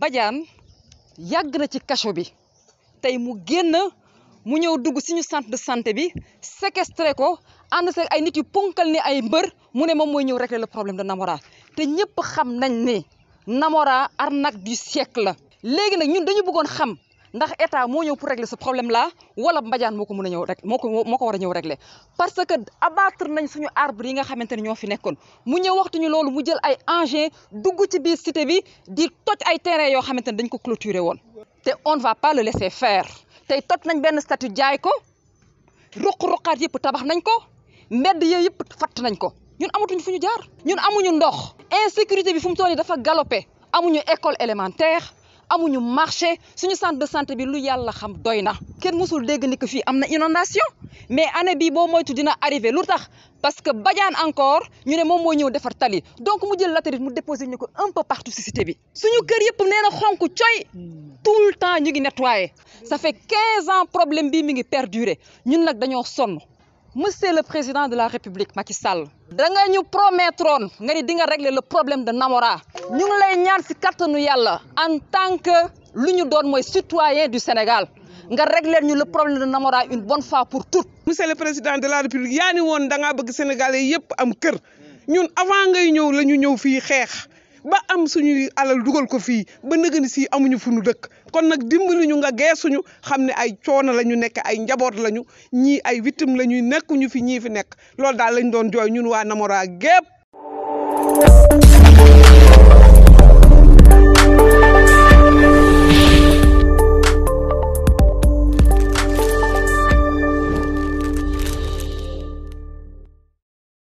Badiane yàgg na ci kaso bi tey mu génn mu ñëw dugg suñu centre de santé bi séquestré ko ànd sa ay nit yu ponkal ni ay mbër mu ne moom mooy ñëw régler le problème de Namora te ñëpp xam nañ ni Namora ar nag du siècle la léegi nag ñun dañu bëggoon xam. ndax état moo ñëw pour régler ce problème la wala Mbadiane moo ko mën a ñëw rek moo ko moo war a ñëw régler parce que abattre nañ suñu arbre yi nga xamante ne ñoo fi nekkoon mu ñëw waxtuñu loolu mu jël ay engins dugg ci biir cité bi di toj ay terrain yoo xamante ne dañ ko clôturer woon. te on ne va pas laisser faire tey toj nañ benn statut jaay ko ruq-ruqaat yëpp tabax nañ ko mbedd yooyu yëpp fatt nañ ko ñun amatuñ fu ñu jaar. ñun amuñu ndox insécurité bi fu mu toll nii dafa galopé amuñu école élémentaire. amuñu marché suñu centre de santé bi lu yalla xam doyna kenn musul dégg ni que fi amna inondation mais année bi bo moytu dina arriver lutax parce que badian encore ñu ne mom mo ñew défar tali donc mu jël latérite mu déposé ñuko un peu partout ci cité bi suñu kër yépp néna xonku xonk tout le temps ñu ngi nettoyer ça fait 15 ans problème bi mi ngi perdurer ñun nak dañoo sonn monsieur le président de la république Macky Sall da nga ñu promettroon nga ni di nga régler le problème de Namora ñu ngi lay ñaan ci si kattanu yalla en tant que luñu doon moy citoyen du Sénégal nga régler ñu le problème de Namora une bonne fois pour toutes. monsieur le président de la république yaa ni woon da nga bëgg sénégalais yépp am kër ñun avant ngay ñëw lañu ñëw fi xex ba am suñu alal duggal ko fi ba nëgëni si amuñu fu ñu dëkk kon nak dimbali ñu nga geesuñu xamné ay choona lañu nekk ay njaboot lañu ñi ay victime la ñuy nekkuñu fi ñi fi nekk lool daal lañ doon joy ñun wa Namora gépp